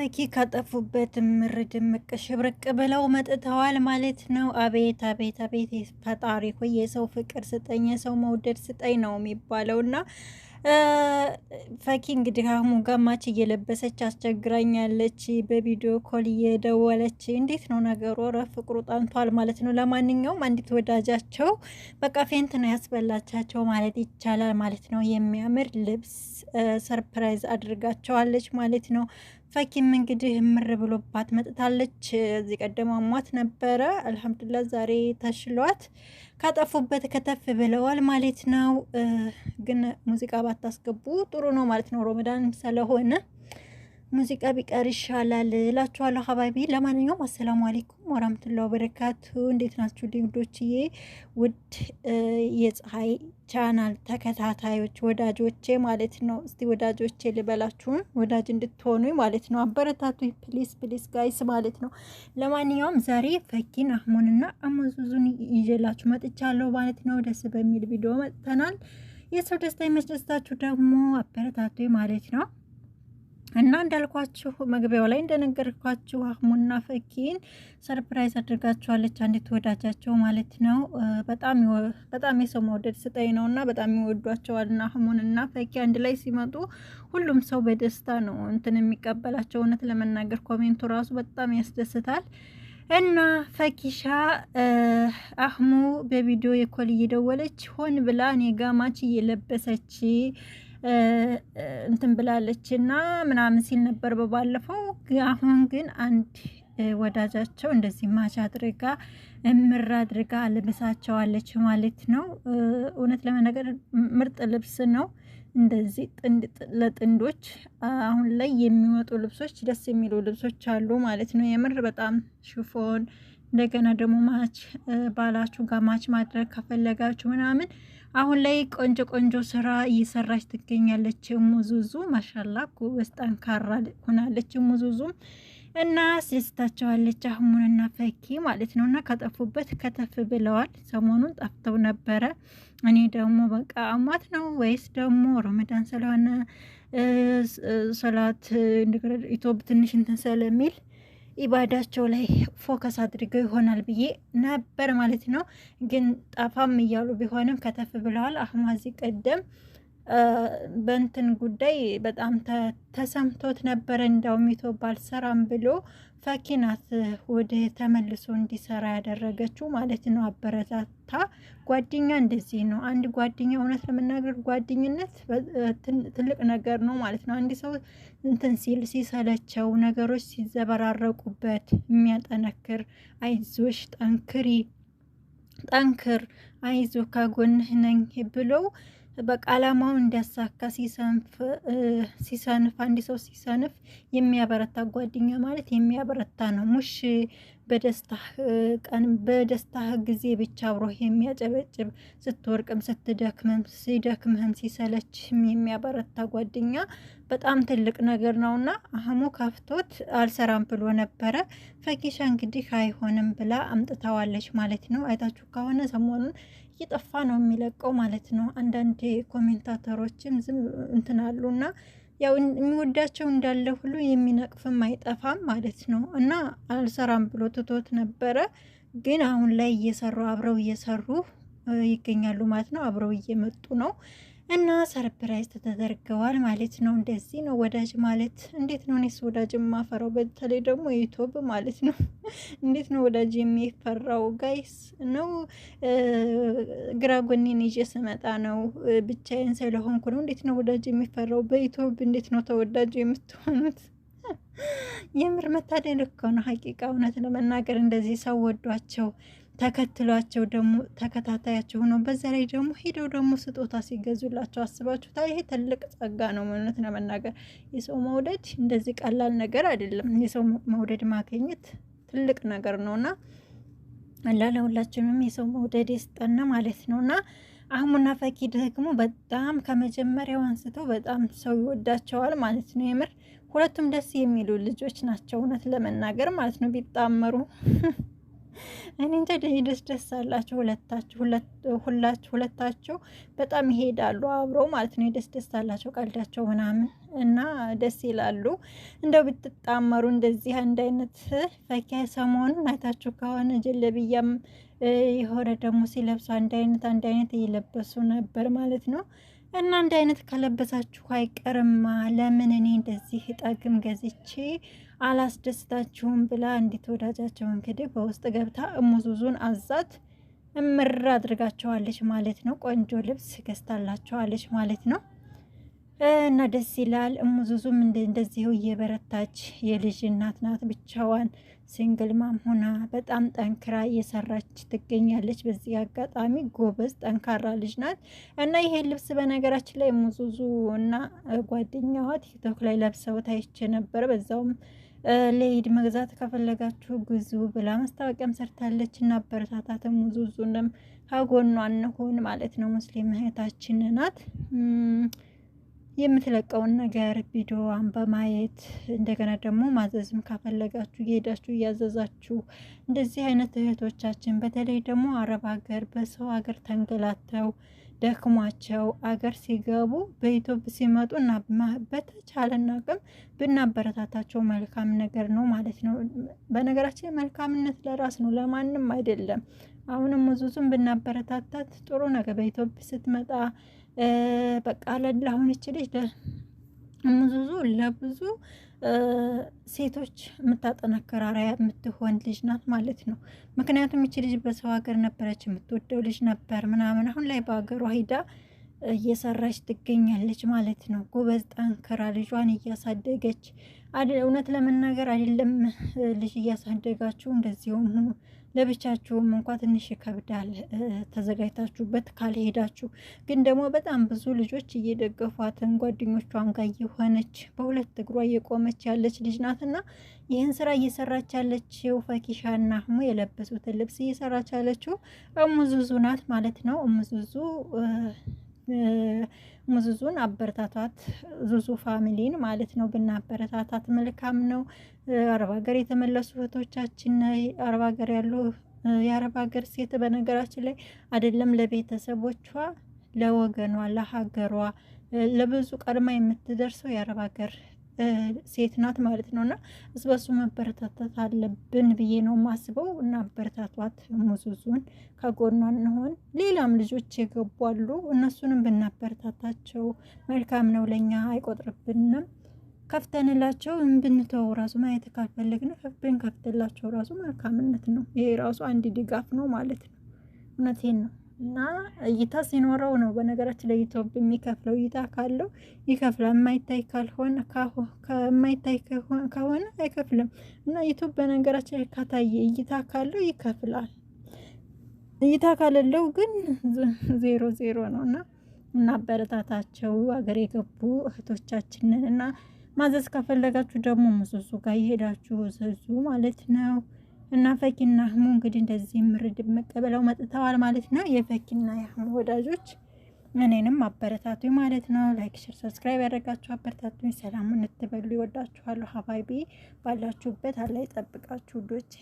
ፈኪ ካጠፉበት ምር ድምቅ ሽብርቅ ብለው መጥተዋል ማለት ነው። አቤት አቤት አቤት ፈጣሪ ሆይ የሰው ፍቅር ስጠኝ፣ የሰው መውደድ ስጠኝ ነው የሚባለው እና ፈኪ እንግዲህ አህሙ ጋር ማች እየለበሰች አስቸግራኛለች። በቪዲዮ ኮል እየደወለች እንዴት ነው ነገሩ? ኧረ ፍቅሩ ጣንቷል ማለት ነው። ለማንኛውም አንዲት ወዳጃቸው በቃ ፌንት ነው ያስበላቻቸው ማለት ይቻላል ማለት ነው። የሚያምር ልብስ ሰርፕራይዝ አድርጋቸዋለች ማለት ነው። ፈኪም እንግዲህ ምር ብሎባት መጥታለች። እዚህ ቀደም አሟት ነበረ። አልሐምዱላ ዛሬ ተሽሏት ካጠፉበት ከተፍ ብለዋል ማለት ነው። ግን ሙዚቃ ባታስገቡ ጥሩ ነው ማለት ነው ሮመዳን ስለሆነ ሙዚቃ ቢቀር ይሻላል እላችኋለሁ ሀባቢ። ለማንኛውም አሰላሙ አሌይኩም ወራምትላ ወበረካቱ። እንዴት ናችሁ ልምዶችዬ? ውድ የፀሐይ ቻናል ተከታታዮች ወዳጆቼ ማለት ነው። እስቲ ወዳጆቼ ልበላችሁን ወዳጅ እንድትሆኑ ማለት ነው። አበረታቱ ፕሊስ ፕሊስ ጋይስ ማለት ነው። ለማንኛውም ዛሬ ፈኪን አህሙንና አመዙዙን ይዤላችሁ መጥቻለሁ ማለት ነው። ደስ በሚል ቪዲዮ መጥተናል። የሰው ደስታ የመስደስታችሁ ደግሞ አበረታቱ ማለት ነው። እና እንዳልኳችሁ መግቢያው ላይ እንደነገርኳችሁ አህሙና ፈኪን ሰርፕራይዝ አድርጋችኋለች። አንዲት ተወዳጃቸው ማለት ነው። በጣም የሰው መውደድ ስጠኝ ነው እና በጣም ይወዷቸዋል። እና አህሙን እና ፈኪ አንድ ላይ ሲመጡ ሁሉም ሰው በደስታ ነው እንትን የሚቀበላቸው። እውነት ለመናገር ኮሜንቱ ራሱ በጣም ያስደስታል። እና ፈኪሻ አህሙ በቪዲዮ የኮል እየደወለች ሆን ብላ ኔጋ ማች እየለበሰች እንትን ብላለች እና ምናምን ሲል ነበር በባለፈው። አሁን ግን አንድ ወዳጃቸው እንደዚህ ማች አድርጋ እምር አድርጋ ልብሳቸዋለች ማለት ነው። እውነት ለመነገር ምርጥ ልብስ ነው። እንደዚህ ጥንድ ለጥንዶች አሁን ላይ የሚወጡ ልብሶች ደስ የሚሉ ልብሶች አሉ ማለት ነው። የምር በጣም ሽፎን እንደገና ደግሞ ማች ባላችሁ ጋር ማች ማድረግ ከፈለጋችሁ ምናምን አሁን ላይ ቆንጆ ቆንጆ ስራ እየሰራች ትገኛለች። ሙዙዙ ማሻላ ጎበዝ ጠንካራ ሆናለች። ሙዙዙም እና ሲስታቸዋለች አህሙንና ፈኪ ማለት ነው። እና ከጠፉበት ከተፍ ብለዋል። ሰሞኑን ጠፍተው ነበረ። እኔ ደግሞ በቃ አሟት ነው ወይስ ደግሞ ረመዳን ስለሆነ ሰላት ኢትዮብ ትንሽ እንትን ስለሚል ኢባዳቸው ላይ ፎከስ አድርገው ይሆናል ብዬ ነበር ማለት ነው። ግን ጣፋም እያሉ ቢሆንም ከተፍ ብለዋል። አህማዚ ቀደም በእንትን ጉዳይ በጣም ተሰምቶት ነበረ። እንዳው ኢትዮብ አልሰራም ብሎ ፈኪናት ወደ ተመልሶ እንዲሰራ ያደረገችው ማለት ነው። አበረታታ ጓደኛ እንደዚህ ነው። አንድ ጓደኛ እውነት ለመናገር ጓደኝነት ትልቅ ነገር ነው ማለት ነው። አንድ ሰው እንትን ሲል ሲሰለቸው፣ ነገሮች ሲዘበራረቁበት የሚያጠነክር አይዞሽ፣ ጠንክሪ፣ ጠንክር፣ አይዞ ከጎንህ ነኝ ብለው በቃ አላማውን እንዲያሳካ ሲሰንፍ አንድ ሰው ሲሰንፍ የሚያበረታ ጓደኛ ማለት የሚያበረታ ነው። ሙሽ በደስታ ቀን በደስታ ጊዜ ብቻ አብሮህ የሚያጨበጭብ ስትወርቅም፣ ስትደክምም፣ ሲደክምህም፣ ሲሰለችህም የሚያበረታ ጓደኛ በጣም ትልቅ ነገር ነውና አህሙ ከፍቶት አልሰራም ብሎ ነበረ። ፈኪሻ እንግዲህ አይሆንም ብላ አምጥታዋለች ማለት ነው። አይታችሁ ከሆነ ሰሞኑን እየጠፋ ነው የሚለቀው ማለት ነው። አንዳንድ ኮሜንታተሮችም ዝም እንትናሉ እና ያው የሚወዳቸው እንዳለ ሁሉ የሚነቅፍም አይጠፋም ማለት ነው። እና አልሰራም ብሎ ትቶት ነበረ፣ ግን አሁን ላይ እየሰሩ አብረው እየሰሩ ይገኛሉ ማለት ነው። አብረው እየመጡ ነው። እና ሰርፕራይዝ ተደርገዋል ማለት ነው። እንደዚህ ነው ወዳጅ ማለት እንዴት ነው? እኔስ ወዳጅ የማፈራው በተለይ ደግሞ ዩቱብ ማለት ነው። እንዴት ነው ወዳጅ የሚፈራው? ጋይስ ነው ግራ ጎኔን ይዤ ስመጣ ነው ብቻዬን ስለሆንኩ ነው። እንዴት ነው ወዳጅ የሚፈራው? በዩቱብ እንዴት ነው ተወዳጁ የምትሆኑት? የምር መታደል እኮ ነው ሀቂቃ። እውነት ለመናገር እንደዚህ ሰው ወዷቸው ተከትሏቸው ደግሞ ተከታታያቸው ነው። በዛ ላይ ደግሞ ሄደው ደግሞ ስጦታ ሲገዙላቸው አስባችሁታ። ይሄ ትልቅ ጸጋ ነው። እውነት ለመናገር የሰው መውደድ እንደዚህ ቀላል ነገር አይደለም። የሰው መውደድ ማግኘት ትልቅ ነገር ነው እና አላ ለሁላችንም የሰው መውደድ የስጠና ማለት ነው እና አህሙና ፈኪ ደግሞ በጣም ከመጀመሪያው አንስተው በጣም ሰው ይወዳቸዋል ማለት ነው። የምር ሁለቱም ደስ የሚሉ ልጆች ናቸው እውነት ለመናገር ማለት ነው ቢጣመሩ እኔ እንጃ ደስ ደስ አላችሁ ሁለታችሁ ሁላችሁ ሁለታችሁ በጣም ይሄዳሉ አብረው ማለት ነው። ደስ ደስ አላቸው ቀልዳቸው ምናምን እና ደስ ይላሉ። እንደው ብትጣመሩ እንደዚህ አንድ አይነት ፈኪያ ሰሞኑን አይታችሁ ከሆነ ጀለብያም የሆነ ደግሞ ሲለብሱ አንድ አይነት አንድ አይነት እየለበሱ ነበር ማለት ነው። እና አይነት ከለበሳችሁ አይቀርማ ለምን እኔ እንደዚህ ጠግም ገዝቼ አላስደስታችሁም ብላ እንዲት ወዳጃቸው እንግዲህ በውስጥ ገብታ እሙዙዙን አዛት እምር አድርጋቸዋለች ማለት ነው። ቆንጆ ልብስ ገዝታላቸዋለች ማለት ነው። እና ደስ ይላል። እሙዙዙም እንደዚሁ እየበረታች የልጅ እናት ናት። ብቻዋን ሲንግል ማም ሆና በጣም ጠንክራ እየሰራች ትገኛለች። በዚህ አጋጣሚ ጎበዝ፣ ጠንካራ ልጅ ናት እና ይሄ ልብስ በነገራችን ላይ እሙዙዙ እና ጓደኛዋ ቲክቶክ ላይ ለብሰውት አይቼ ነበረ። በዛውም ለኢድ መግዛት ከፈለጋችሁ ግዙ ብላ ማስታወቂያም ሰርታለች እና አበረታታት እሙዙዙንም ከጎኗ እንሆን ማለት ነው። ሙስሊም እህታችን ናት። የምትለቀውን ነገር ቪዲዮዋን በማየት እንደገና ደግሞ ማዘዝም ካፈለጋችሁ እየሄዳችሁ እያዘዛችሁ እንደዚህ አይነት እህቶቻችን በተለይ ደግሞ አረብ ሀገር በሰው ሀገር ተንገላተው ደክሟቸው አገር ሲገቡ በኢትዮጵያ ሲመጡ እና በተቻለን አቅም ብናበረታታቸው መልካም ነገር ነው ማለት ነው። በነገራችን መልካምነት ለራስ ነው፣ ለማንም አይደለም። አሁንም ብዙቱን ብናበረታታት ጥሩ ነገር በኢትዮጵያ ስትመጣ በቃ ለላሁን ልጅ ለምዙዙ ለብዙ ሴቶች የምታጠናከር አርአያ የምትሆን ልጅ ናት ማለት ነው። ምክንያቱም ይቺ ልጅ በሰው ሀገር ነበረች የምትወደው ልጅ ነበር ምናምን አሁን ላይ በሀገሯ ሂዳ እየሰራች ትገኛለች ማለት ነው። ጎበዝ ጠንክራ ልጇን እያሳደገች እውነት ለመናገር አይደለም ልጅ እያሳደጋችሁ እንደዚሁም ለብቻችሁም እንኳ ትንሽ ይከብዳል። ተዘጋጅታችሁበት ካልሄዳችሁ ግን ደግሞ በጣም ብዙ ልጆች እየደገፏትን ጓደኞቿን ጋር እየሆነች በሁለት እግሯ እየቆመች ያለች ልጅ ናትና ይህን ስራ እየሰራች ያለችው ፈኪሻና እሙ የለበሱትን ልብስ እየሰራች ያለችው እሙዙዙ ናት ማለት ነው። እሙዙዙ ሙዝዙን አበረታታት ዙዙ ፋሚሊን ማለት ነው። ብናበረታታት መልካም ነው። አረብ ሀገር የተመለሱ እህቶቻችን አረብ ሀገር ያሉ የአረብ ሀገር ሴት በነገራችን ላይ አይደለም ለቤተሰቦቿ፣ ለወገኗ፣ ለሀገሯ ለብዙ ቀድማ የምትደርሰው የአረብ ሀገር ሴት ናት ማለት ነው እና እስበሱ መበረታታት አለብን ብዬ ነው ማስበው። እና አበረታቷት፣ ሙዙዙን ከጎኗ እንሆን። ሌላም ልጆች የገቡ አሉ። እነሱንም ብናበረታታቸው መልካም ነው፣ ለእኛ አይቆጥርብንም። ከፍተንላቸው ብንተው ራሱ ማየት ካልፈለግን ብንከፍትላቸው ራሱ መልካምነት ነው። ይሄ ራሱ አንድ ድጋፍ ነው ማለት ነው። እውነቴን ነው። እና እይታ ሲኖረው ነው። በነገራችን ላይ የሚከፍለው እይታ ካለው ይከፍላል። የማይታይ ካልሆነ ከማይታይ ከሆነ አይከፍልም። እና ዩቲዩብ በነገራችን ላይ ካታየ እይታ ካለው ይከፍላል። እይታ ካለለው ግን ዜሮ ዜሮ ነው እና እናበረታታቸው አገር የገቡ እህቶቻችንን እና ማዘዝ ከፈለጋችሁ ደግሞ ምሰሶ ጋር ይሄዳችሁ ስሱ ማለት ነው። እና ፈኪና ህሙ እንግዲህ እንደዚህ ምርድ መቀበለው መጥተዋል ማለት ነው። የፈኪና የህሙ ወዳጆች እኔንም አበረታቱ ማለት ነው። ላይክ፣ ሼር፣ ሰብስክራይብ ያደረጋችሁ አበረታቱ። ሰላሙን እንትበሉ ይወዳችኋሉ። ሀባይቢ ባላችሁበት አላይ ጠብቃችሁ ዶች